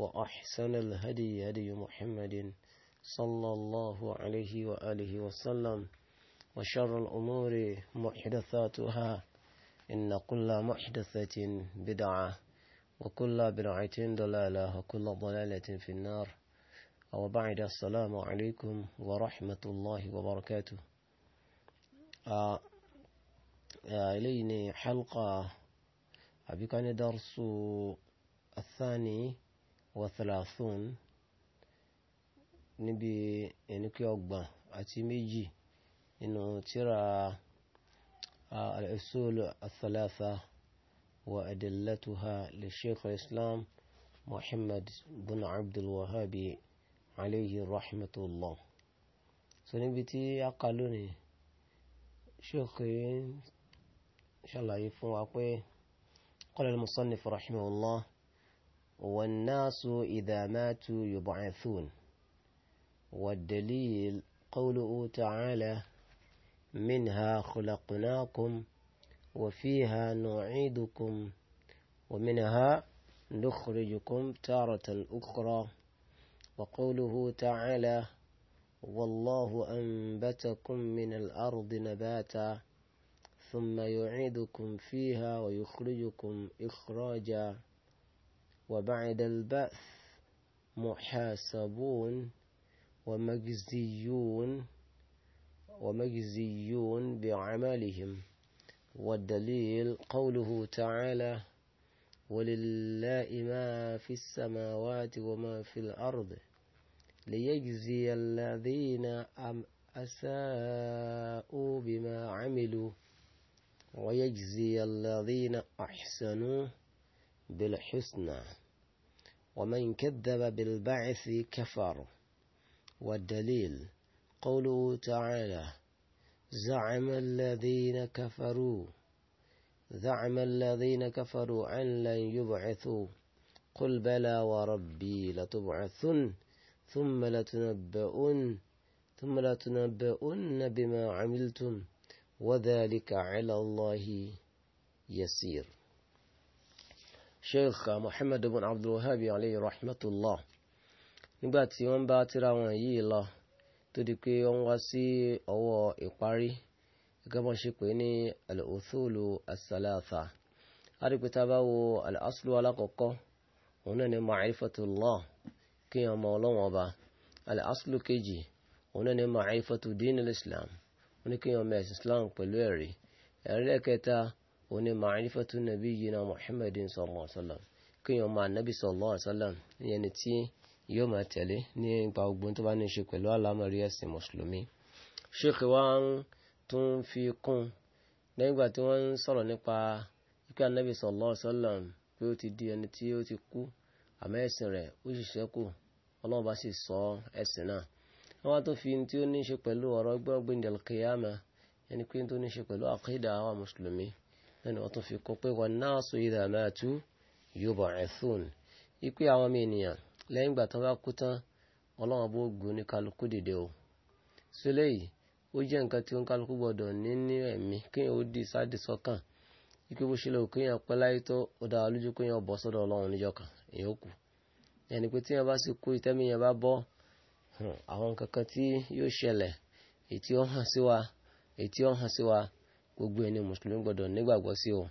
وأحسن الهدي هدي محمد صلى الله عليه وآله وسلم وشر الأمور محدثاتها إن كل محدثة بدعة وكل بدعة ضلالة وكل ضلالة في النار أو بعد السلام عليكم ورحمة الله وبركاته آه، آه، إليني حلقة أبي كان درس الثاني wọ́tàlàfún níbi ẹnikẹ́ ọgbọ̀n àti méjì nínú tíra al-usul al-thalatha wa adillatuha li sheikh islam muhammad bin abdul wahabi alayhi rahmatullah so níbi tí a kà lónìí sheikh ṣàlàyé fún wa pé qala al-musannif والناس إذا ماتوا يبعثون والدليل قوله تعالى منها خلقناكم وفيها نعيدكم ومنها نخرجكم تارة أخرى وقوله تعالى والله أنبتكم من الأرض نباتا ثم يعيدكم فيها ويخرجكم إخراجا وبعد البعث محاسبون ومجزيون ومجزيون بعملهم والدليل قوله تعالى ولله ما في السماوات وما في الأرض ليجزي الذين أم أساءوا بما عملوا ويجزي الذين أحسنوا بالحسنى ومن كذب بالبعث كفر والدليل قوله تعالى زعم الذين كفروا زعم الذين كفروا أن لن يبعثوا قل بلى وربي لتبعثن ثم لتنبؤن ثم لتنبؤن بما عملتم وذلك على الله يسير sheikh muhammad ibn abdulwahabi alayhi rahmatullah nígbà tí wọ́n bá tírà wọn yìí lọ tó di pé wọ́n wá sí ọwọ́ ìparí gẹ́gẹ́ bọ́n ṣe pé ní al-uthulu as-salatha adìpẹ́tà bá wo al-aslu alákọ̀ọ́kọ́ òun náà ni ma'rifatullah kí wọ́n mọ ọlọ́wọ́n ọba al kejì òun náà ni ma'rifatu islam wọ́n ní islam pẹ̀lú ẹ̀rí ẹ̀rí lẹ́kẹta òní ma'rifatu nabiyyina muhammadin sallallahu alaihi wasallam kí yóò máa nabi sallallahu alaihi wasallam ìyẹn ni tí yóò máa tẹ̀lé nípa ogun tó bá ní ṣe pẹ̀lú àlámọ̀rí ẹ̀sìn mùsùlùmí ṣéèkì wa ń tún fi kún nígbà tí wọ́n ń sọ̀rọ̀ nípa ikú anabi sallallahu alaihi wasallam pé ó ti di ẹni tí ó ti kú àmọ́ ẹ̀sìn rẹ̀ ó sì ṣẹ́kù ọlọ́run bá sì sọ ẹ̀sìn náà wọ́n tó fi tí ó ní ṣe pẹ̀lú ọ̀rọ̀ gbọ́ngbìn dẹ̀lkìyàmà ẹni pé tó ní ṣe pẹ̀lú àkídà àwọn mùsùlùmí náà ni wọ́n tún fi kó pé wan nasu idha matu yub'athun ipe àwọn ọmọ ènìyàn lẹ́yìn ìgbà tó bá kú tán ọlọ́wọ́n bó gun ní kálukú dìde o sílẹ̀ yìí ó jẹ́ nǹkan tí ó ń kálukú gbọ́dọ̀ ní ní ẹ̀mí kéèyàn ó di sáàdì sọ́kàn ipe bó ṣe lè kéèyàn pẹ́ láyé tó ó dára lójú kéèyàn bọ́ sọ́dọ̀ ọlọ́run níjọ́ kan èèyàn ó kù ẹni pé téèyàn bá sì kú ìtẹ́mi yẹn bá bọ́ hmm, àwọn nǹkan tí yóò ṣẹlẹ̀ èyí tí ó hàn sí wa èyí tí ó hàn sí wa gbogbo ẹni mùsùlùmí gbọdọ̀ nígbàgbọ́ sí o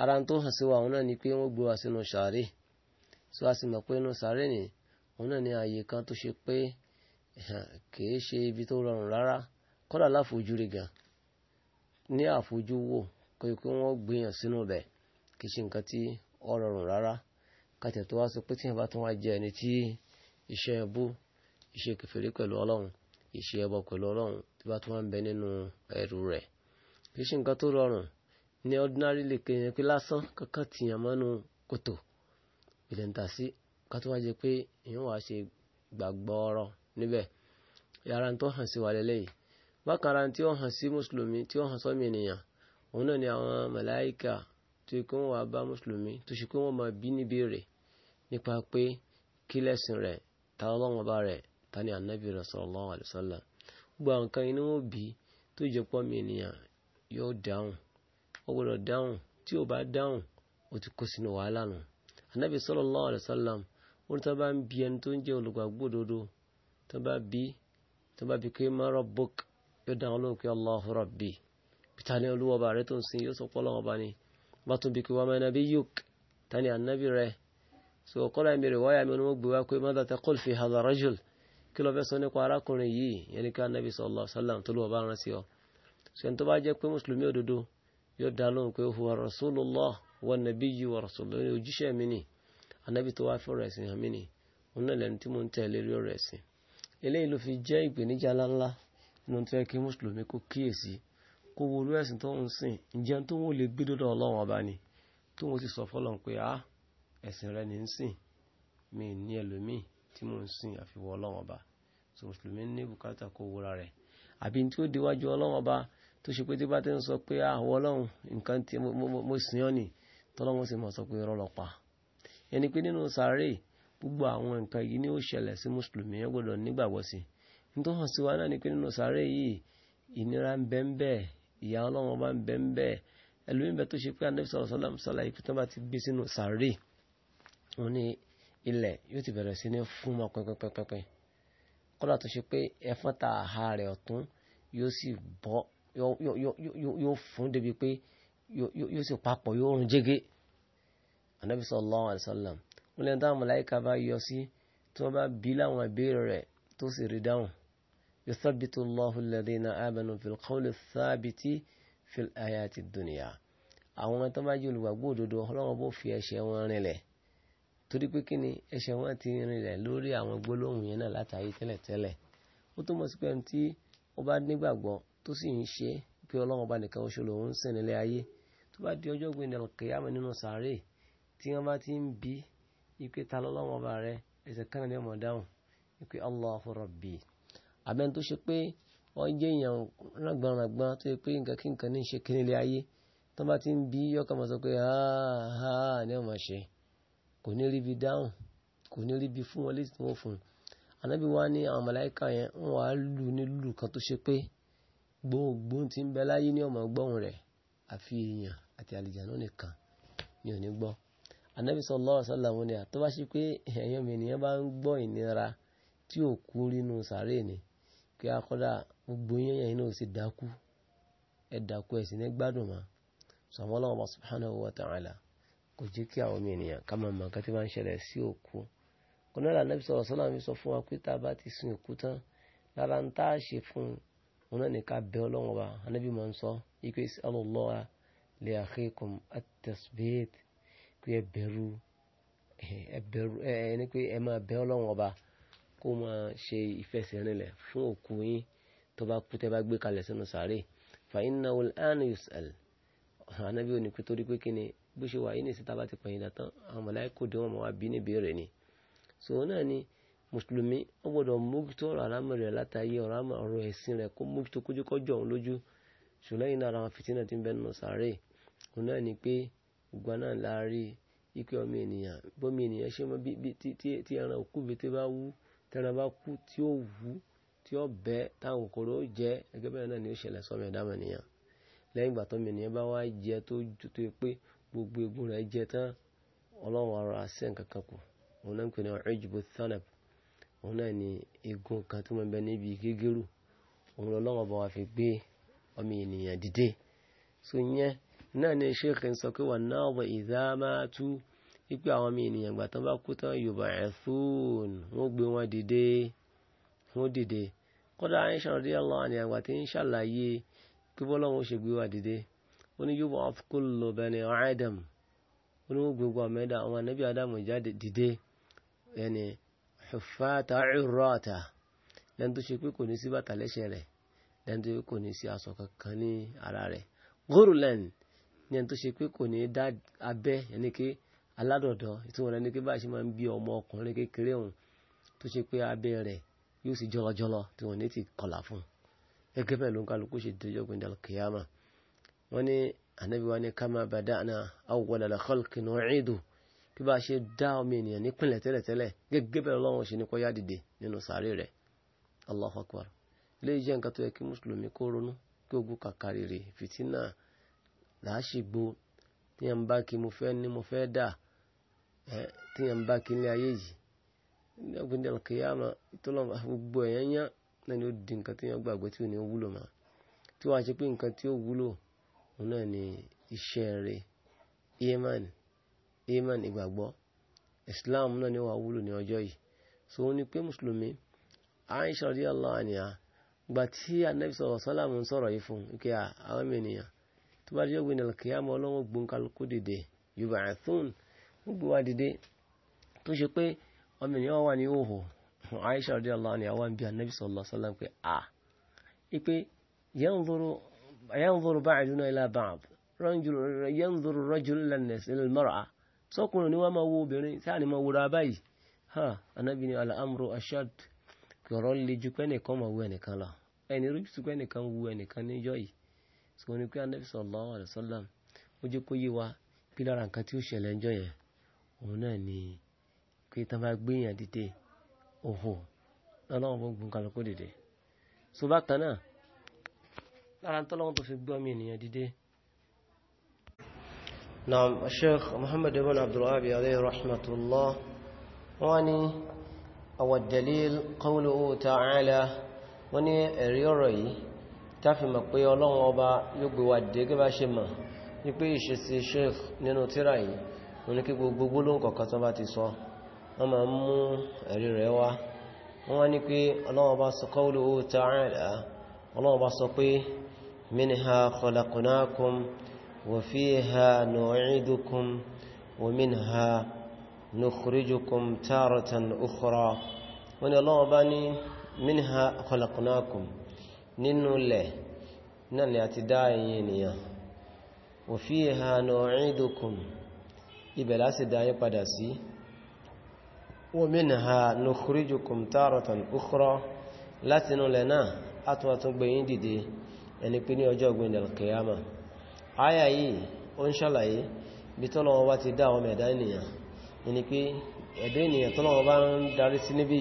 ara tó hàn sí wa òun náà ni pé wọ́n gbé wa sínú sàárè so a sì mọ̀ pé inú sàárè ni òun náà ni ààyè kan tó ṣe pé kìí ṣe ibi tó rọrùn rárá kódà láfojúrí gan ní àfojúwò kó pé wọ́n gbìyàn sínú rẹ̀ kìí ṣe nǹkan tí ó rọrùn rárá kàtẹ̀ tó wá sọ pé tí wọ́n bá tún wá jẹ ẹni tí iṣẹ́ ẹbú iṣẹ́ kẹfẹ́rí pẹ̀lú ọlọ́run iṣẹ́ ẹbọ pẹ̀lú ọlọ́run tí bá tún wá ń bẹ nínú ẹrù rẹ̀ kì í ṣe nǹkan tó rọrùn ní ordinary lè kéèyàn pé lásán kankan tìyàn mọ́nú kòtò ìdẹ̀ǹtà sí ká tó wá jẹ pé èèyàn wàá ṣe gbàgbọ́ ọ̀rọ̀ níbẹ̀ yàrá tó hàn sí wa lélẹ́yìí bákan ara tí ó hàn sí mùsùlùmí tí ó hàn sọ́mi ènìyàn òun náà ni àwọn màláíkà tó yẹ kí wọ́n wá bá mùsùlùmí tó ṣe pé wọ́n máa bí níbi rẹ̀ nípa pé kí lẹ́sìn rẹ̀ ta ọlọ́wọ́n bá rẹ̀ ta ni ànábì rẹ̀ sallallahu alaihi wasallam gbogbo àwọn kan inú wọn bí tó jẹ pọ́ mi ènìyàn yóò dáhùn ó gbọ́dọ̀ dáhùn tí ò bá dáhùn ó ti kó sínú wàhálà nù anabi sallallahu alaihi wasallam ó ní tó bá ń bi ẹni tó ń jẹ́ olùgbàgbọ́ òdodo tó bá bí tó bá bí pé ma rabbuk yóò dáhùn lóhùn pé Allahu rabbi peter ní olúwa ọba rẹ tó ń sin yóò sọ pọ́ lọ́wọ́ ọba ni bá tún bí pé wa ma nabiyyuk tani anabi rẹ so kọ́lá mi rè wáyà mi ni wọ́n gbé wá pé madha taqul fi hadha rajul kí ló fẹ́ sọ nípa arákùnrin yìí yẹn ni ká anabi sallallahu alaihi tó lọ́wọ́ bá rán sí ọ sẹ́ni tó bá jẹ́ pé mùsùlùmí òdodo yóò dá lóhùn pé huwa rasulullah wa nabiyyu wa rasulullah ní ojúṣe mi ni anábì tó wá fi ọ̀rọ̀ ẹ̀sìn hàn mí ni òun náà lẹ́nu tí mo ń tẹ̀lé rí ọ̀rọ̀ ẹ̀sìn eléyìí ló fi jẹ́ ìpèníjà ńláńlá nínú tó yẹ kí mùsùlùmí kó kíyèsí kó wo orú ẹ̀sìn tó ń sìn ǹjẹ́ tó wọ́n lè gbé dọ́dọ̀ ọlọ́run ọba ni tó wọ́n sì sọ fọ́lọ́n pé a ah, ẹ̀sìn rẹ ní ń sìn mi ní ẹlòmíì tí mò ń sìn àfiwọ́ ọlọ́run ọba so mùsùlùmí ní bùkátà kó wúra rẹ̀ àbí tí ó déwájú ọlọ́run ọba tó ṣe pé tí bá ti ń sọ pé àwọn ah, ọlọ́run nǹkan tí mo sìn ọ́ nì tọ́lọ́wọ́n sì mọ̀ sọ pé rọlọ́pa ẹni pé nínú sàárè gbogbo àwọn nǹkan yìí ni ó ṣẹlẹ̀ sí mùsùlùmí ẹ gbọ́dọ̀ nígbàgbọ́ sí ní tó hàn sí wa náà ni pé nínú sàárè yìí ìnira ń bẹ ń bẹ ìyà ọlọ́run ọba ń bẹ ń bẹ ẹlòmíín bẹ tó ṣe pé anabi sọ̀rọ̀ sọ́lá ṣàlàyé pé tó bá ti gbé sínú sàárè òun ni ilẹ̀ yóò ti bẹ̀rẹ̀ sí ní fún ọmọ pẹ́pẹ́pẹ́pẹ́ kọ́lá tó ṣe pé ẹ̀fọ́n ta ọ̀tún yóò sì bọ́ yóò fún débi pé yóò sì papọ̀ yóò rún jẹ́gẹ́ anabi sallallahu alayhi wa sallam wọn lẹ́nu táwọn mọ̀láyíká bá yọ sí tí wọ́n bá bí láwọn ìbéèrè rẹ̀ tó sì rí dáhùn yuthabbitu Allahu alladhina amanu fil qawli thabiti fil ayati dunya àwọn tó bá jẹ́ olùgbàgbọ́ òdodo ọlọ́wọ́n bó fi ẹsẹ̀ wọn rinlẹ̀ torí pé kí ni wọn ti rinlẹ̀ lórí àwọn gbólóhùn yẹn náà látàrí tẹ́lẹ̀tẹ́lẹ̀ ó tó mọ̀ sí pé ẹni tí ó bá nígbàgbọ́ tó sì ń ṣe pé ọlọ́run ọba nìkan oṣù lòun ń sìn nílé ayé tó bá di ọjọ́ gbé kìyàmù nínú sàárè tí wọ́n bá ti ń bí ipe ta lọ́lọ́run ọba rẹ ẹsẹ̀ kan ọmọ dáhùn ipe Allahu Rabbi àbẹ́ni tó ṣe pé wọ́n jẹ́ èèyàn rágbọ́nragbọ́n tó yẹ pé nǹkan kí nǹkan ní ṣe kí nílé ayé tó bá ti ń bí yọkàn mọ̀ sọ pé ha ní ọmọ ṣe kò ní ríbi dáhùn kò ní ríbi fún wọn létí wọn fún un ànábì wa gbogbo tí ń bẹ láyé ní ọmọ gbọ́hùn rẹ̀ àfi èèyàn àti àlìjànú nìkan ni ò ní gbọ́ anabi sallallahu alaihi wasallam ni àtọ́ bá ṣe pé èèyàn mi nìyẹn bá ń gbọ́ ìnira tí ò kú nínú sàárè ni kí a kọ́dà gbogbo yẹn náà sì dákú ẹ dákú ẹ sì ní gbádùn mọ́ sọmọ ọlọ́wọ́ subhanahu wa ta'ala kò jẹ́ kí àwọn ọmọ ènìyàn ká máa mọ tí máa ń ṣẹlẹ̀ sí òkú kọ́nà anabi sallallahu alaihi wasallam sọ fún wa pé tá a bá ti sin òkú tán lára ń tá a ṣe fún un wọn náà ní ká bẹ ọlọ́run ọba anábì máa ń sọ ike alọ́lọ́ra lè àkékùn àtẹ̀síbẹ́ẹ̀t pé ẹ bẹ̀rù ẹ bẹ̀rù ẹ ní pé ẹ máa bẹ ọlọ́run ọba kó máa ṣe ìfẹsẹ̀rinlẹ̀ fún òkú yín tó bá kú tẹ́ bá gbé kalẹ̀ sínú sàárè fàyínà olùhàn yusuf anábì ò ní pé torí pé kí ni bó ṣe wà yín ní ìsìta bá ti pẹ̀yìn dàtán àwọn mọ̀láìkò dé wọn mọ̀ wá bí níbi rẹ̀ ni so náà ni mùsùlùmí ó gbọ́dọ̀ mójútó ọ̀rọ̀ àlámọ̀rí rẹ̀ látàyé ọ̀rọ̀ ẹ̀sìn rẹ̀ kó mójútó kójú kọjọ́ òun lójú ṣùgbọ́n iná ara wọn fìtínà ti ń bẹ sàárè òun náà ni pé ìgbà náà la rí ọmọ ènìyàn bọ́mọ ènìyàn ṣé mọ́ bí tí ẹran òkú bi tí bá wú tẹran bá kú tí ó wú tí ó bẹ́ táwọn kòkòrò ó jẹ ẹgbẹ́ bẹ́ẹ̀ náà ni ó ṣẹlẹ̀ sọ́mọ ẹ̀dá mọ̀nìyàn lẹ́yìn ìgbà tọ́mọ ènìyàn bá wá jẹ tó tó pé gbogbo egun rẹ̀ jẹ tán ọlọ́run ọ̀rọ̀ àṣẹ nǹkan kan kù òun náà ń pè ní ọ̀rẹ́jùbọ̀ thanab òun náà ni egun kan tí wọ́n bẹ níbi gígérù òun lọ́lọ́wọ́ bá wa fi gbé ọmọ ènìyàn dìde so yẹn náà ni sheikh ń sọ pé wà náà wọ ìdámátú wípé àwọn ọmọ ènìyàn ìgbà tán bá kú tán yorùbá ẹ̀fún wọ́n gbé wọn dìde wọ́n dìde kódà Àìṣà radiyallahu anha àgbà tí ń ṣàlàyé kí bọ́lọ́wọ́n ṣe gbé wa dìde ó ní yub'ath kullu bani Adam ó ní wọ́n gbé gbọ́ ọmọ ẹ̀dá àwọn ànábì hufata urata lẹ́nu tó ṣe pé kò ní sí bàtà lẹ́sẹ̀ rẹ̀ lẹ́nu tó ṣe pé kò ní sí aṣọ kankan ní ara rẹ̀ ghurulan ní ẹni tó ṣe pé kò ní dá abẹ́ ẹni pé aládọ̀dọ̀ ìtumọ̀ ẹni pé báyìí ṣe máa ń bí ọmọ ọkùnrin kékeré òun tó ṣe pé abẹ́ rẹ̀ yóò sì jọlọjọlọ tí wọn ní ti kọlà fún un gẹ́gẹ́ bẹ́ẹ̀ ló ń kálukú ṣe dojọ́ gbẹ̀ndà kìyàmà wọ́n ní anabi wa ní kama bada'na awwala khalqin nu'idu kí bá ṣe dá ọmọ ènìyàn nípìnlẹ̀ tẹ́lẹ̀tẹ́lẹ̀ gẹ́gẹ́ bẹ́ẹ̀ lọ́wọ́ ṣe ní kó yá dìde nínú sàárè rẹ̀ Allahu Akbar ilé iṣẹ́ nǹkan tó yẹ kí mùsùlùmí kó ronú kí ogun kàkàrí rè fìtínà làásìgbò tíyẹn ń bá kí mo fẹ́ ní mo fẹ́ dà tíyẹn ń bá kí ní ayé yìí ní ọgbẹ́ndẹ̀ kìyàmà ìtọ́lọ́mọ gbogbo ẹ̀yán yán náà ni ó di nǹkan tíyẹn gbàgbé tí ò ní wúlò mọ́ tí wàá ṣe pé nǹkan tí ó wúlò òun náà ni iṣẹ́ rẹ̀ yémánì iman ìgbàgbọ́ islam náà ni wà wúlò ní ọjọ́ yìí so ó ní pé mùsùlùmí aisha radiyallahu anha gbà tí anabi sọ̀rọ̀ sálàmù ń sọ̀rọ̀ yìí fún ike àwọn ènìyàn tó bá jẹ́ gbìnà kìyàmọ́ ọlọ́wọ́ gbóǹkálukú dìde yub'athun gbogbo wa dìde tó ṣe pé ọmọ ènìyàn wà ní òhò aisha radiyallahu anha wà ń bí anabi sallallahu alaihi wasallam pé a ipe yanzuru ba'duna ila ba'd yanzuru rajul ila al-mar'a sọ́kùnrin ni wọ́n máa wo obìnrin sáà ni máa wòrà báyìí ha anábì ni al'amru ashad kí ọ̀rọ̀ le ju pé ẹnìkan máa wo ẹnìkan lọ ẹni rí ju pé ẹnìkan wo ẹnìkan níjọ́ yìí sọ ni pé anábì sallallahu alaihi ó jẹ́ kó yé wa pí lára nǹkan tí ó ṣẹlẹ̀ ńjọ́ yẹn òun náà ni pé tán bá gbéyàn dìde òhò lọ́lọ́wọ́n bó gun kálukú dìde so bákan náà lára tọ́lọ́wọ́n tó fi gbọ́ mi ènìyàn dìde نعم الشيخ محمد بن عبد الوهاب عليه رحمة الله واني أو الدليل قوله تعالى واني ريوري تافي مقبي الله وبا يقبي ودي قبا شما يقبي شسي شيخ نينو تراي ونكي بقبولون كوكتبا تسوا أما أمو ريوريوا واني كي الله وبا قوله تعالى الله وبا من منها خلقناكم وفيها نعيدكم ومنها نخرجكم تارة أخرى wọ́n ni ọlọ́wọ́ bá ní minha khalaqnakum nínú lẹ̀ náà ni a ti dá ẹ̀yin ènìyàn wa fiha nu'idukum ibẹ̀ láti dá yín padà sí wa minha nukhrijukum taratan ukhra látinú lẹ̀ náà a tún àtúngbẹ̀yìn dìde ẹni pé ní ọjọ́ ọgbìn al-qiyamah àyà yìí ó ń ṣàlàyé bí tọ́lọ́wọ́ bá ti dá àwọn ẹ̀dá ènìyàn ni pé ẹ̀dá ènìyàn tọ́lọ́wọ́ bá ń darí sí níbi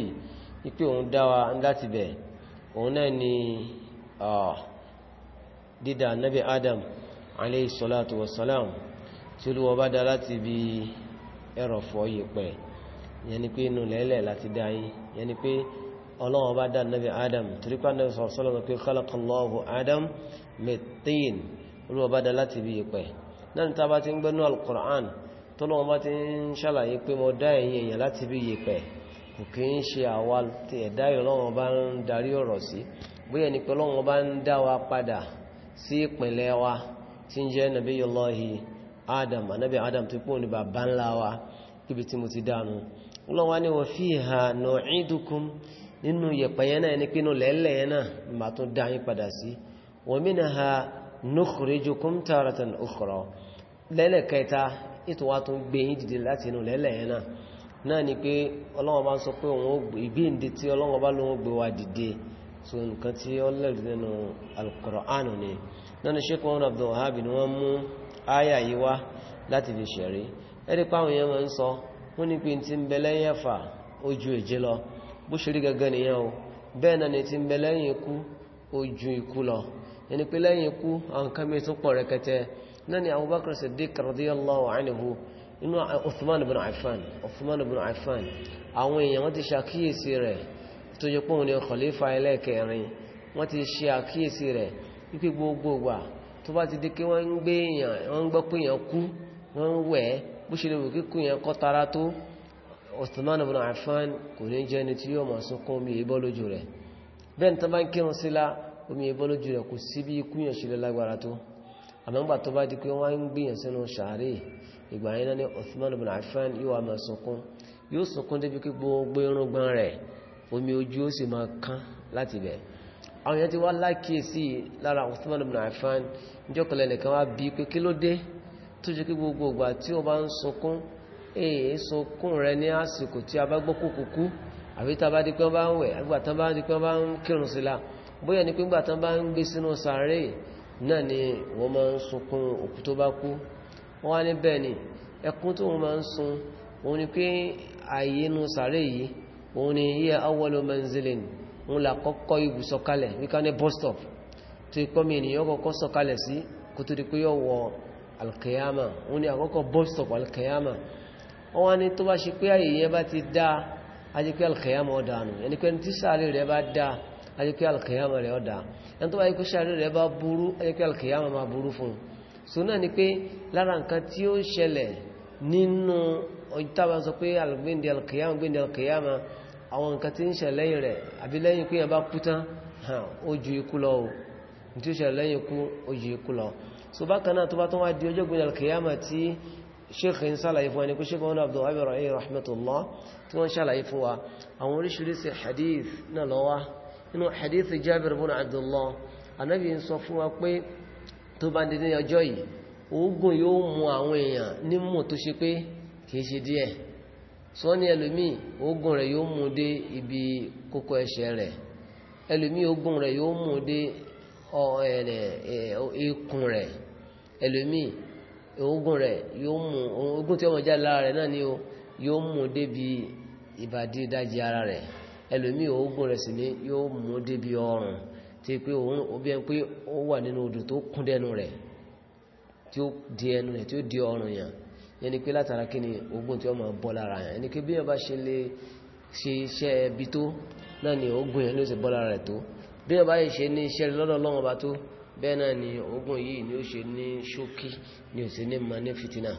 ipé òun dá wa láti bẹ̀ òun náà ni dídá nabi adam alayhi salatu wassalam tí olúwọ́ bá dá láti bí ẹrọ̀fọ̀ yẹ̀pẹ̀ yẹn ni pé inú lẹ́lẹ̀ láti dá yín yẹn ni pé ọlọ́wọ́ bá dá nabi adam torípa nabi sallallahu alaihi pé khalaqallahu adam min olúwa bá dá láti ibi ìpẹ́ náà ta bá ti ń gbẹ́nú al-Qur'an tó lọ́wọ́ bá ti ń ṣàlàyé pé mo dá ẹ̀yin èèyàn láti ibi ìpẹ́ kò kí ń ṣe àwa ẹ̀dá ìrọ̀lọ́wọ́ bá ń darí ọ̀rọ̀ sí bóyá ni pé Ọlọ́run bá ń dá wa padà sí ìpìnlẹ̀ wa tí ń jẹ́ Nabiyullahi Adam anábì Adam tó pọ̀ ní bàbá ńlá wa kíbi tí mo ti dánu Ọlọ́run wá ní wa fiha nu'idukum nínú yẹ̀pẹ̀yẹ́ náà ẹni pínú lẹ́lẹ̀ náà màá tún dá yín padà sí wa minha nukhrijukum taratan ukhra lẹ́lẹ̀kẹta ìtọ́wà tó ń gbé yín dìde láti inú lẹ́lẹ̀ yẹn náà náà ni pé ọlọ́wọ́ bá ń sọ pé òun ìgbéǹde tí ọlọ́wọ́ bá lóun gbé wa dìde so nǹkan tí ó lẹ́rù nínú al-Qur'an ni náà ni Sheikh Muhammad Abdul Wahhab ni wọ́n mú áyà yìí wá láti fi ṣẹ̀rí ẹ̀rí páwọn yẹn máa ń sọ wọ́n ní pé ti ń bẹ lẹ́yìn ẹ̀fà ojú èjì lọ bó ṣe rí gangan nìyẹn o bẹ́ẹ̀ náà ni ti ń bẹ lẹ́yìn ikú ojú ikú ẹni pé lẹ́yìn ikú àwọn kan mẹ́ tún pọ̀ rẹ̀kẹtẹ náà ni Abubakar Siddiq radiyallahu anhu inú Uthman ibn Affan Uthman ibn Affan àwọn èèyàn wọ́n ti ṣàkíyèsí rẹ̀ tó yẹ pọ́n ní khalifa ẹlẹ́kẹrin wọ́n ti ṣe àkíyèsí rẹ̀ wípé gbogbo wa tó bá ti di kí wọ́n ń gbé èèyàn wọ́n ń gbọ́ pé èèyàn kú wọ́n ń wẹ̀ bó ṣe lè wò omi ẹbọ́ lójú rẹ̀ kò sí bí ikú yàn ṣe lágbára tó àmọ́gbà tó bá di pé wọ́n ń gbìyàn sínú sàárè ìgbà yẹn náà ni Uthman ibn Affan yóò wá máa sunkún yóò sunkún débi pé gbogbo irúgbọ́n rẹ̀ omi ojú ó sì máa kán láti bẹ̀ àwọn èèyàn ti wá lákìísí lára Uthman ibn Affan níjọ́kọ̀lẹ̀ nìkan wá bí pé kí ló dé tó jẹ́ kí gbogbo ìgbà tí wọ́n bá ń bóyá ní pínpà tán bá ń gbé sínú sàárè náà ni wọ́n máa ń sunkún òkú tó bá kú wọ́n wá níbẹ̀ ni ẹkún tó wọ́n máa ń sun òun ni pé ààyè inú sàárè yìí òun ni yíya awọ́lọ́ manzilin òun là kọ́kọ́ ibùsọ̀kalẹ̀ wíká ní bus stop tó ikọ́ mi ènìyàn kọ́kọ́ sọ̀kalẹ̀ sí kó tó di pé yọ wọ alkiyama òun ni àkọ́kọ́ bus stop alkiyama wọ́n wá ní tó bá ṣe pé ààyè yẹn bá ti dáa a jẹ́ pé alkiyama ọ̀dànù ẹnikẹ́ni tí sàárè rẹ̀ bá dáa ayẹ́kẹ́ alkiyama rẹ̀ ọ̀dá ẹni tó bá yẹ́kọ́ sáré rẹ̀ bá burú ayẹ́kẹ́ alkiyama ma burú fún so náà ni pé lára nǹkan tí ó ṣẹlẹ̀ nínú ìtàbà sọ pé algbéǹdì alkiyama gbéǹdì alkiyama àwọn nǹkan tí ń ṣẹlẹ̀ lẹ́yìn rẹ̀ àbí lẹ́yìn pé yẹn bá kú tán ó ju ikú lọ o tí ó ṣẹlẹ̀ lẹ́yìn ikú ó ju ikú lọ so bákan náà tó bá tán wá di ọjọ́ gbéǹdì alkiyama tí sheikh ń sálàyé fún ẹni pé sheikh wọn abdullahi rahmatullah tí wọ́n sálàyé fún wa àwọn oríṣiríṣi hadith náà lọ́wọ́ nínú hadith Jabir ibn Abdullah anábì ń sọ fún wa pé tó bá dé ní ọjọ́ yìí oògùn yóò mú àwọn èèyàn ní mọ̀ tó ṣe pé kìí ṣe díẹ̀ sọ ní ẹlòmíì oògùn rẹ̀ yóò mú dé ibi kókó ẹsẹ̀ rẹ̀ ẹlòmíì oògùn rẹ̀ yóò mú dé ikùn rẹ̀ ẹlòmíì mu rẹ̀ yóò mú oògùn tí ọmọ jáde lára rẹ̀ náà ni yóò mú débi ìbàdí ìdajì ara rẹ̀ ẹlòmíì oògùn rẹ̀ sì ni yóò mú débi ọrùn tí pé òun obi ẹni pé ó wà nínú odò tó kún dẹnu rẹ̀ tí ó di ẹnu rẹ̀ tí ó di ọrùn yàn yẹn ni pé látara kí ni oògùn tí ó máa bọ́ lára yàn ẹni pé bí yẹn bá ṣe lè ṣe iṣẹ́ ẹbí tó náà ni oògùn yẹn ló ṣe bọ́ lára rẹ̀ tó bí yẹn bá yẹ ṣe ní iṣẹ́ lọ́dọ̀ Ọlọ́run ọba tó bẹ́ẹ̀ náà ni ogun yìí ni ó ṣe ní ṣókí ni ò sí ní ma ní fitina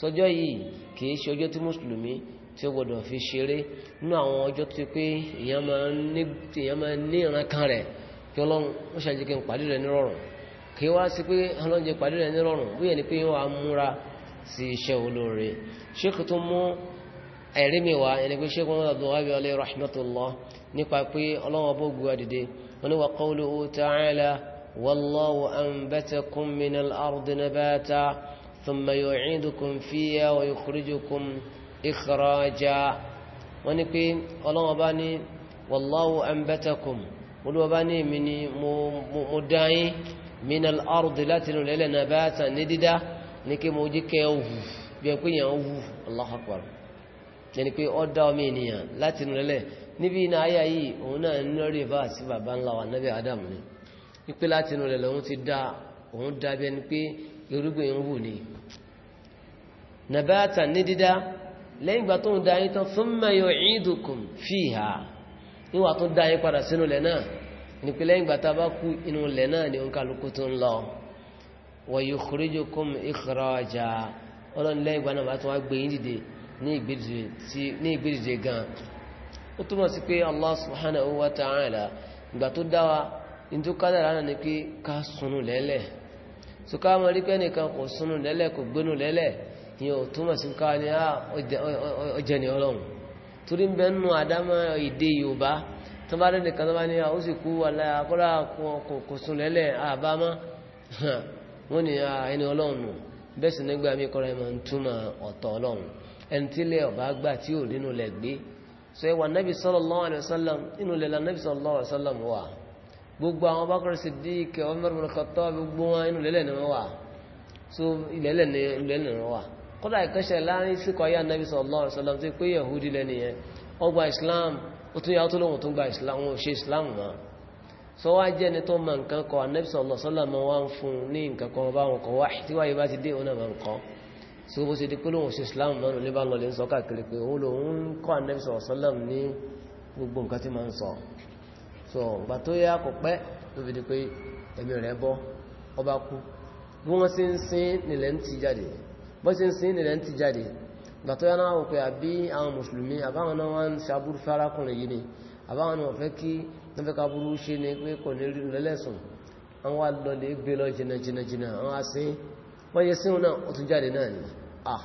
sọjọ́ yìí kìí ṣe ọjọ́ tí mùsùlùmí tí ó gbọdọ̀ fi ṣeré nínú àwọn ọjọ́ tó pé èèyàn máa ní ìrankan rẹ̀ kí ọlọ́run ó ṣàjẹ́ kí n pàdé rẹ̀ nírọ̀rùn kí wá sí pé ọlọ́njẹ pàdé rẹ̀ nírọ̀rùn bóyẹ̀ ni pé wọ́n á múra sí iṣẹ́ olóore ṣékù tó mú ẹ̀rí mi wá ẹni pé ṣékù wọn lọ́dọ̀ wábí ọlẹ́ rahmatullah nípa pé ọlọ́wọ́ bó gbé adìde wọn ni wà qawluhu ta'ala wallahu anbatakum min al-ardi nabata ikhraja wọ́n ní pé ọlọ́wọ́n bá ní wallahu anbatakum olúwa bá ní èmi ni mo dáyín minal ardi láti nù lẹ́lẹ̀ nabata ní dídá ní kí mo jí kẹ́ òhù bí ẹ pé yẹn òhù Allahu akbar yẹni pé ọ dá ọmọ ènìyàn láti nù lẹ́lẹ̀ níbi iná ayá yìí òun náà ń rí bá bàbá ńlá wa nábì Ádámù ni wípé láti nù lẹ́lẹ̀ òun ti dá òun dá bí ẹni pé irúgbìn ń hù ni nabata ní dídá lẹ́yìn ìgbà tó ń da yín tán thumma yu'idukum fiha níwà tó da yín padà sínú ilẹ̀ náà ní pé lẹ́yìn ìgbà tá a bá kú inú ilẹ̀ náà ni òǹkàlùkù tó ń lọ wa yukhrijukum ikhraja ọlọ́ni lẹ́yìn ìgbà náà bá tún wá gbé yín dìde ní ìgbédìde gan ó túmọ̀ sí pé Allah subhanahu wa ta'ala ìgbà tó dá tó kádàrá náà ni ìyẹn túmọ̀ sí ká ní ọjẹ́ ah, ni ọlọ́run torí ń bẹ nù àdámọ́ èdè yorùbá tó bá dẹ́nì kan tó bá ní ah, ó sì kú aláya kọ́lá kò sùn lẹ́lẹ̀ àbámọ́ wọ́n ní ah, ẹni ọlọ́run nù bẹ́ẹ̀ sì nígbà mí kọ́ra ẹ̀ ń túmọ̀ ọ̀tọ̀ ọlọ́run ẹni tí ilé ọ̀bá gbà tí ò nínú lẹ̀ gbé so ẹwà nẹ́bí sallallahu alaihi wasallam inú lẹ́la sallallahu alaihi wasallam wà gbogbo àwọn Abubakar Siddiq Umar ibn Khattab gbogbo wọn inú lẹ́lẹ̀ ni wọ́n wà ilẹ̀lẹ̀ ni wà kódà ìkẹ́ṣẹ̀ láàrin síkọ̀ ayé anábì sallallahu alaihi wasallam tí pé yahudi lẹ́ni yẹn ó islam ó tún yàtọ̀ lóhun tó gba islam wọn ṣe islam mọ́ sọ wá jẹ́ ni tó ma nǹkan kọ anábì sallallahu alaihi wasallam wá ń fún ní nǹkan kan bá wọn kọ wá tí wáyé bá ti dé òun náà máa ń kọ́ tí bó ṣe di pé lóhun ṣe islam mọ́ lónìí bá lọlé ń sọ káàkiri pé òun lòun ń kọ́ anábì so ìgbà tó yá kò pẹ́ ló fi di pé ẹ̀mí rẹ̀ bọ́ ọba kú bọ́sí ń sin ilẹ̀ ń ti jáde gbàtọ́ yá náà pé àbí àwọn mùsùlùmí àbáwọn náà wọ́n ń sàbúrú fárákùnrin yìí ni àbáwọn náà fẹ́ kí wọ́n fẹ́ kábúrú ṣe ni pé kò ní rí lẹ́lẹ́sùn àwọn alọ́lẹ̀ gbé lọ jìnà ni ah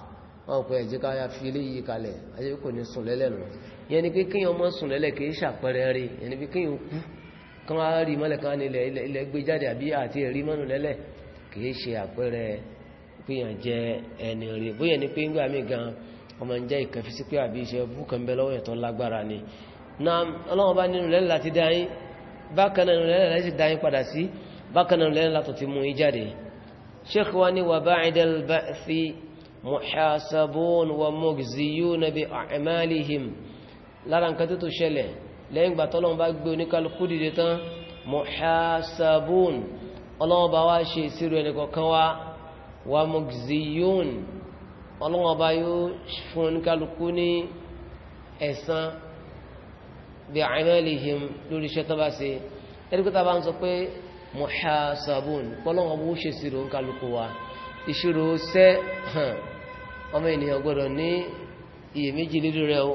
wọ́n pẹ̀ ẹ̀jẹ́ ká fi ilé yìí kalẹ̀ ayé kò ní sùn lẹ́lẹ́nu ni pé kíyàn mọ́ sùn lẹ́lẹ̀ kì í ṣàpẹrẹ rí yẹn kan á rí mọ́lẹ̀ kan nílẹ̀ ilẹ̀ gbé jáde àbí àti ẹ̀rí mọ́nù lẹ́lẹ̀ kì ṣe àpẹrẹ pé yàn jẹ́ ẹni rí bóyá ni pé ńgbà mí gan ọmọ ń jẹ́ ìkànfisí pé àbí iṣẹ́ búkan bẹ́ lọ́wọ́ ẹ̀tọ́ lágbára ni náà ọlọ́wọ́ bá nínú lẹ́lẹ́ láti dá yín bákan náà lẹ́lẹ́ láti dá yín padà sí bákan náà lẹ́lẹ́ látọ̀ ti mú yín jáde sheikh wa ni wa ba'idal ba'fi muhasabun wa mujziyuna bi a'malihim lára nǹkan tó tó ṣẹlẹ̀ lẹ́yìn ìgbà tọ́lọ́wọ́ bá gbé oníkálukú dìde tán muhasabun ọlọ́wọ́ bá wá ṣe ìṣirò ẹnìkọ̀ọ̀kan wá wa mugziyun ọlọ́wọ́n ọba yóò fún oníkálukú ní ẹ̀san bí amalihim lórí iṣẹ́ tó bá ṣe ẹ̀ríkọ́tà bá ń sọ pé muhasabun ọlọ́wọ́n ọba ó ṣe ìṣirò oníkálukú wa ìṣirò sẹ́ ọmọ ènìyàn gbọ́dọ̀ ní iyèméjì lílu rẹ o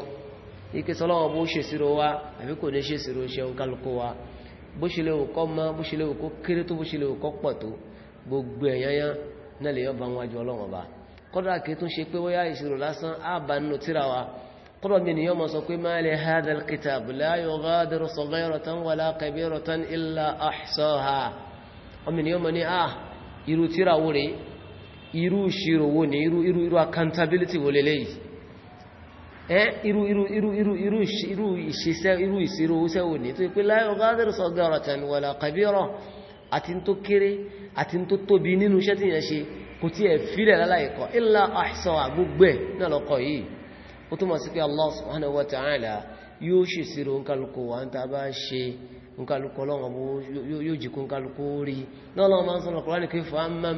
ike sọlọ́wọ́ bó ṣe sírò wa àbí kò ní ṣe sírò ṣe ń kálukú wa bó ṣe lè wò kọ́ mọ́ bó ṣe lè wò kó kéré tó bó ṣe lè wò kọ́ pọ̀ tó gbogbo ẹ̀yányán náà lè yọ bá wájú ọlọ́wọ́n bá kọ́dọ̀ àkè tó ṣe pé wọ́yá ìṣirò lásán àbá nínú tíra wa kọ́dọ̀ mi nìyọ́ mọ̀ sọ pé ma li hadhal kitab la yughadiru saghiratan wala kabiratan illa ahsaha ọmọ nìyọ́ mọ̀ ní à irú tíra wo rè irú ìṣirò wo ni irú irú irú accountability wo leléyìí ẹ irú irú irú irú irú àti tó tóbi nínú iṣẹ́ tí yẹn ṣe kò tí ẹ̀ fílẹ̀ láláìkọ́ illa ahsaha gbogbo ẹ̀ náà lọ́kọ̀ yìí ó túnmọ̀ sí pé Allah subhanahu wa ta'ala yóò ṣèṣirò nkálukú wa ń ta bá ṣe nkálukú ọlọ́run ọmọ yóò jìkú nkálukú rí náà lọ́wọ́ máa ń sọ̀rọ̀ kúránì kí fa amma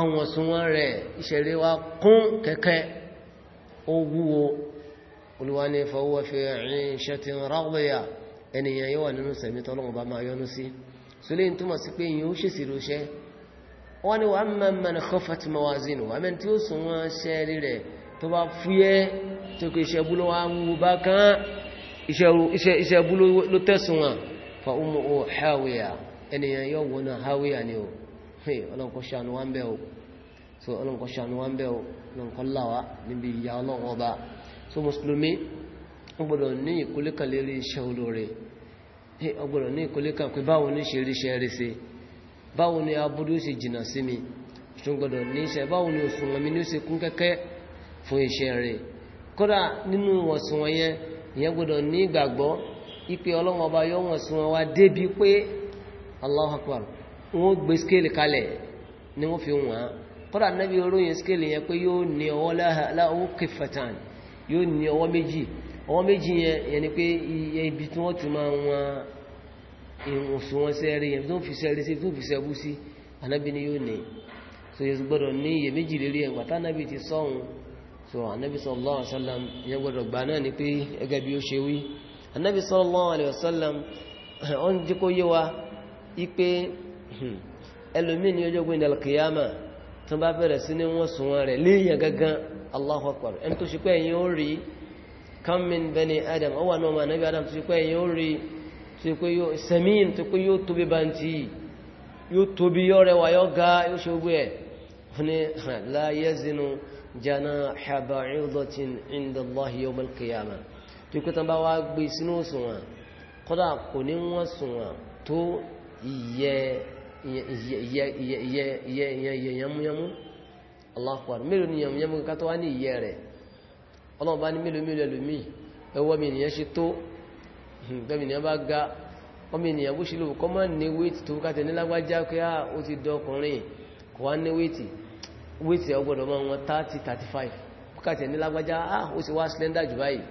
àwọn òṣùwọ̀n rẹ̀ ìṣẹ̀rẹ̀ wa kún kẹ́kẹ́ ó wúwo olúwa ní fahuwa fi 'ishatin radiyah ènìyàn yóò wà nínú sẹ̀mí tọ́lọ́wọ́n bá máa yọnu sí sólẹ́yìn túmọ̀ sí pé ìyẹn ó ṣèṣirò ṣẹ́ wọ́n ní wà máa ma ní kọfàtí ma wá zínú wà mẹ́rin tí ń wú he ọlọ́run kó ṣàánú o so ọlọ́run o ọlọ́run kó níbi ìyá ọba so mùsùlùmí ọ gbọdọ ní kan lérí iṣẹ́ olóore ó gbọ́dọ̀ ní ìkólé kan pé báwo ní ṣe ríṣẹ́ rí sí báwo ni aburú ṣe jìnnà sí mi ṣùgbọ́n gbọ́dọ̀ ní iṣẹ́ ni mi kódà nínú yẹn ìyẹn ní ìgbàgbọ́ ipe ọba yọ wọ́n gbé skéèlì kalẹ̀ ni wọ́n fi wọ́n kọ́dà náà bí oróyìn skéèlì yẹn pé yóò ní ọwọ́ láwọ́ kẹfẹ̀tàn yóò ní ọwọ́ méjì ọwọ́ méjì yẹn ni pé ibi tí wọ́n ti máa wọn yẹn tó fi sẹ́rí sí tó fi sí ni yóò ní so yẹn gbọ́dọ̀ ní iye méjì lérí ẹgbà tánábì ti sọ́hun so jẹ́ kó yé Hmm. ẹlòmí ni ọjọ́ gbìyànjú alkiyama tó bá bẹ̀rẹ̀ sí ní wọ́n sùn wọn rẹ̀ léèyàn gangan Allahu Akbar ẹni tó ṣe pé ẹ̀yin ó rí kam min bani adam ọwọ́ àwọn ọmọ anábì adam tó ṣe pé ẹ̀yin ó rí tó ṣe pé yóò sẹ́mìn tó pé yóò tóbi bàǹtì yóò tóbi yóò rẹwà yóò ga yóò ṣe gbé ẹ̀ fún ni la yazinu janaha ba'idatin inda Allahi yawm alkiyama tó ṣe pé wá gbé e sínú òṣùwọ̀n kọ́dà kò ní wọ́n sùn wọn tó ìyẹ́ ìyẹ yẹmúyẹmú aláàpàá mélòó ni yẹmúyẹmú ká tó wá ní ìyẹ rẹ̀ ọlọ́run bá ní mélòó mélòó ẹlòmí ẹwọ́ mi ènìyàn ṣe tó hmm, bẹ́mi ènìyàn bá ga ọmọ ènìyàn bó ṣe lò kọ́ mọ́ ní wéètì tó ká tẹ̀lé lágbájá pé á ah, ó ti dọkùnrin kò wá ní wéètì wéètì ọgbọ̀dọ̀ mọ́ wọn 30 35 ká tẹ̀lé lágbájá á ah, ó ti wá slender jù báyìí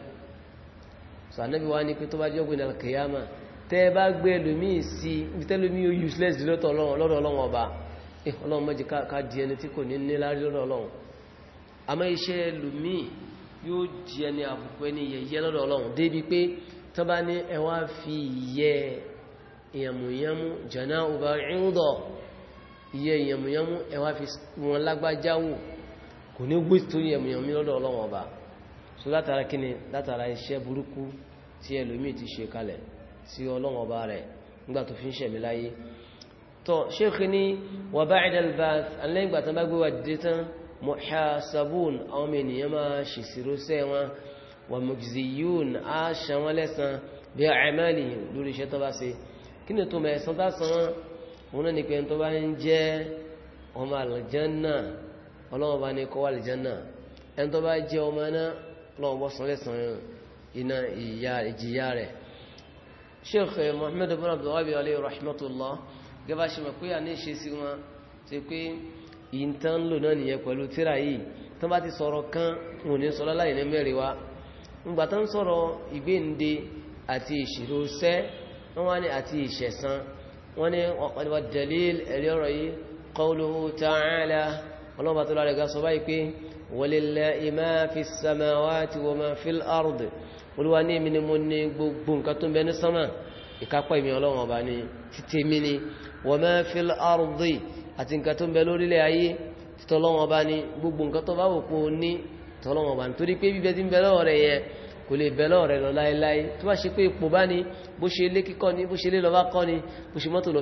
so anábíwá ní pé tó bá jọ́gbìn alkiyama tẹ́ bá gbé ẹlòmíì sí ibi tẹ́lòmíì ó useless lọ́dọ̀ ọlọ́run ọba eh, ọlọ́run mọ́jì ká di ẹni tí kò ní ní lárí lọ́dọ̀ ọlọ́run àmọ́ iṣẹ́ ẹlòmíì yóò di ẹni àbùkù ẹni yẹ̀yẹ́ lọ́dọ̀ ọlọ́run débi pé tó bá ní ẹ wá fi ìyẹ́ ìyàmùyàmù jẹ̀nà ọba ríndọ̀ ìyẹ́ ìyàmùyàmù ẹ wá fi wọn lágbájáwò kò ní gbé tó ìyàmùyàmù lọ́dọ̀ ọlọ́run ọba sí ọlọ́run ọba rẹ̀ nígbà tó fi ń ṣẹ̀mí láyé tọ́ ṣéèkì ní wà ba'da al-ba'th alẹ́yìn ìgbà tán bá gbé wa dìde tán muhasabun àwọn ọmọ ènìyàn máa ṣèṣirò sẹ́ wọn wà mujziyun á ṣan wọn lẹ́san bí a'malihim lórí iṣẹ́ tó bá ṣe kí ni tó mẹ́sàn tá san wọn òun náà ni pé tó bá ń jẹ́ ọmọ àlùjànnà ọlọ́run bá ní kọ́ wà àlùjànnà ẹni tó bá jẹ́ ọmọ náà ọlọ́run bọ́ san lẹ́san iná ìjìyà rẹ̀ sheikh eh, muhammed ibn abdullahi alayhi rahmatullah gẹ́gẹ́ bá ṣe mọ̀ pé àní ṣe sí wọn ṣe pé yìí tán ń lò náà nìyẹn pẹ̀lú tíra yìí tán bá ti sọ̀rọ̀ kan wọn ní sọlá láì ní mẹ́rin wa ńgbà tán sọ̀rọ̀ ìgbéǹde àti ìṣirò sẹ́ wọ́n ní àti ìṣẹ̀san wọ́n ní ọ̀pọ̀lọpọ̀ dalil ẹ̀rí ọ̀rọ̀ yìí qawluhu ta'ala ọlọ́pàá tó lára ga sọ báyìí pé walillahi ma fi samawati wa ma fil ard olúwa ní èmi ni mo ní gbogbo nǹkan tó ń bẹ ní sánmà ìkápá èmi ọlọ́run ọba ní títí mi ni wa ma fil ardi àti nǹkan tó ń bẹ lórílẹ̀ ayé títọ́ ọlọ́run ọba ní gbogbo nǹkan tó bá wò pé o ní títọ́ ọlọ́run ọba ní torí pé bíbẹ́ ti ń bẹ lọ́wọ́ rẹ̀ yẹn kò lè bẹ lọ́wọ́ rẹ̀ lọ láéláé tó bá ṣe pé ipò bá ní bó ṣe lé kíkọ́ ní bó ṣe lé lọ́ba kọ́ ní bó ṣe mọ́tò lọ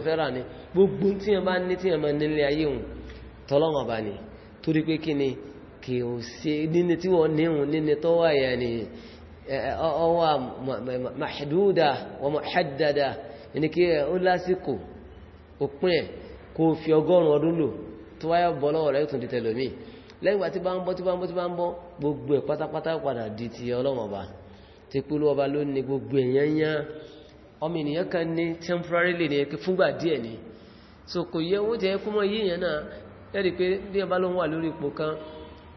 rà ni ó eh, wà oh, oh, oh, mahduda wa muhaddada ẹni kí ó lásìkò òpin ẹ̀ kó fi ọgọ́rùn ọdún lò tó wáyé bọ́ lọ́wọ́ rẹ̀ tún di tẹlòmí lẹ́yìn ìgbà tí bá ń bọ́ tí bá ń bọ́ tí bá ń bọ́ gbogbo ẹ̀ pátápátá padà di ti Ọlọ́run Ọba tí pẹ̀lú ọba ló ní gbogbo èèyàn yán ọmọ ènìyàn kan ní temporarily ní ẹkẹ fúngbà díẹ̀ ni so kò yẹ wọ́n jẹ́ kúmọ̀ yíyàn náà ẹ̀rí pé bí ọba ló wà lórí ipò kan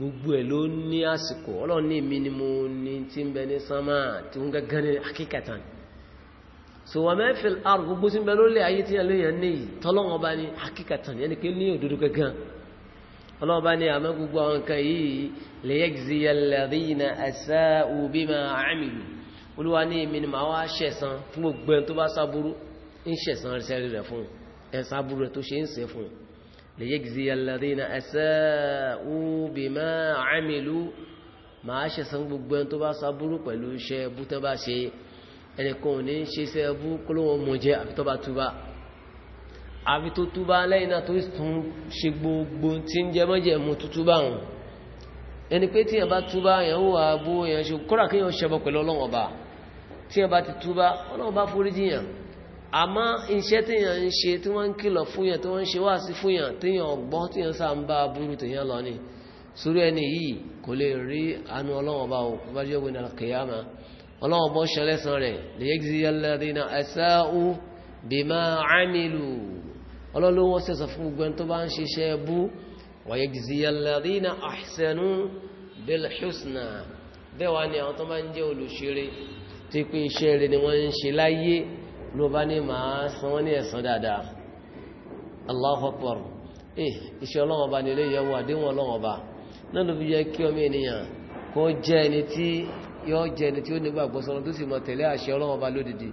gbogbo ẹ̀ ló ní àsìkò ọlọ́run ní mi ni mo ní tí ń bẹ ní sánmà tí ó ń gẹ́gẹ́ ní akíkẹta ni so wà mẹ́fẹ́ àrùn gbogbo tí ń bẹ lólè ayé tí ẹlẹ́yàn ní tọ́lọ́run ọba ní akíkẹta ni ẹnikẹ́ ní òdodo gẹ́gẹ́ ọlọ́run ọba ní àmọ́ gbogbo àwọn nǹkan yìí lẹ́yẹ́gìzìyà ẹ̀sẹ́ òbí máa àmìlú olúwa ní ليجزي الذين أساءوا بما عملوا ما ṣẹ̀san gbogbo تبا صبروا bá شابو تبا شيء ẹbú tán bá ṣe ẹnìkan ò ní ṣe iṣẹ́ ẹbú kó ló wọn mọ̀ jẹ́ àfi tó bá túbá àfi tó túbá lẹ́yìn náà tó tún ṣe gbogbo tí ń jẹ mọ́jẹ̀mú tútú bá wọn ẹni pé tíyàn bá túbá yẹn ó wà bó yẹn ṣe kóra kéèyàn ṣẹbọ pẹ̀lú ọlọ́wọ́n ọba tíyàn bá ti túbá ọlọ́wọ́n bá foríjì yàn àmọ́ iṣẹ́ tíyàn ń ṣe tí wọ́n ń kìlọ̀ fúnyàn tí wọ́n ń ṣe wá sí fúnyàn tíyàn ọgbọ́n tíyàn sáà ń bá burú tíyàn lọ ní sórí ẹni yìí kò lè rí àánú ọlọ́wọ́n bá o bá jẹ́ ògbìn àkèyàmá ọlọ́wọ́n bọ́ ṣe lẹ́sàn rẹ̀ lè yẹ kí alladhina asa'u bima iṣẹ́ rẹ̀ ni wọ́n ń ṣe láyé ló bá ní máa san wọ́n ní ẹ̀san dáadáa Allahu eh iṣẹ́ Ọlọ́run ọba nílé yẹwò àdéhùn Ọlọ́run ọba náà ló fi yẹ kí ọmọ ènìyàn kó jẹ́ ẹni tí yọ jẹ́ ẹni tí ó nígbàgbọ́ sọ́nà tó sì mọ̀ tẹ̀lé àṣẹ Ọlọ́run ọba lódìdí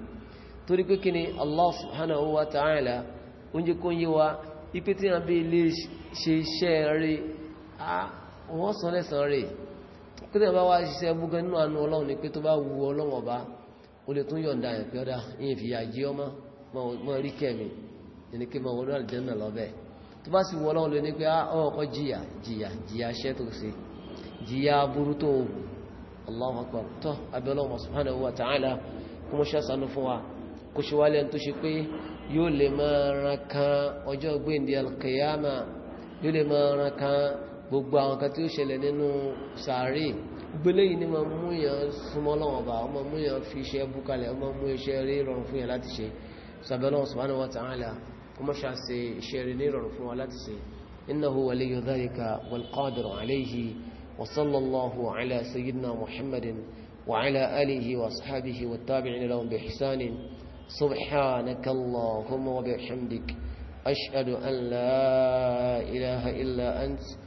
torí pé kí ni Allah subhanahu wa ta'ala oúnjẹ kó ń yé wa ipe tí wọn bí ilé ṣe iṣẹ́ rí wọ́n sọ lẹ́sàn wá ṣiṣẹ́ ó lè tún yọ̀ǹda yẹn pé ọ́dá yìí fi yà jí ọmọ mọ́ rí kẹ́mi ẹni kí mọ́ wọlé àlùjànnà lọ́bẹ̀ tó bá sì wọ́n lọ́wọ́ lè ní pé ọkọ̀ ah, jìyà jìyà jìyà ṣẹ́ tó ṣe jìyà burú tó wù alkiyama yóò lè máa ran kan gbogbo àwọn kan tí ó ṣẹlẹ̀ nínú sàárè gbélé yìí ni ma mú yàn súnmọ́ lọ́wọ́ bá ọmọ mú yàn fi iṣẹ́ búkalẹ̀ ọmọ mú iṣẹ́ rí rọrùn fún yàn láti ṣe sàbẹ̀lọ́ subhanahu wa ta'ala kó mọ́ ṣà ṣe iṣẹ́ rí ní rọrùn fún wa láti ṣe innahu waliyyu dhalika wal qadiru alayhi wa sallallahu ala sayyidina muhammadin wa ala alihi wa ashabihi wa tabi'in lahum bi ihsanin subhanaka allahumma wa bihamdik ashhadu an la ilaha illa anta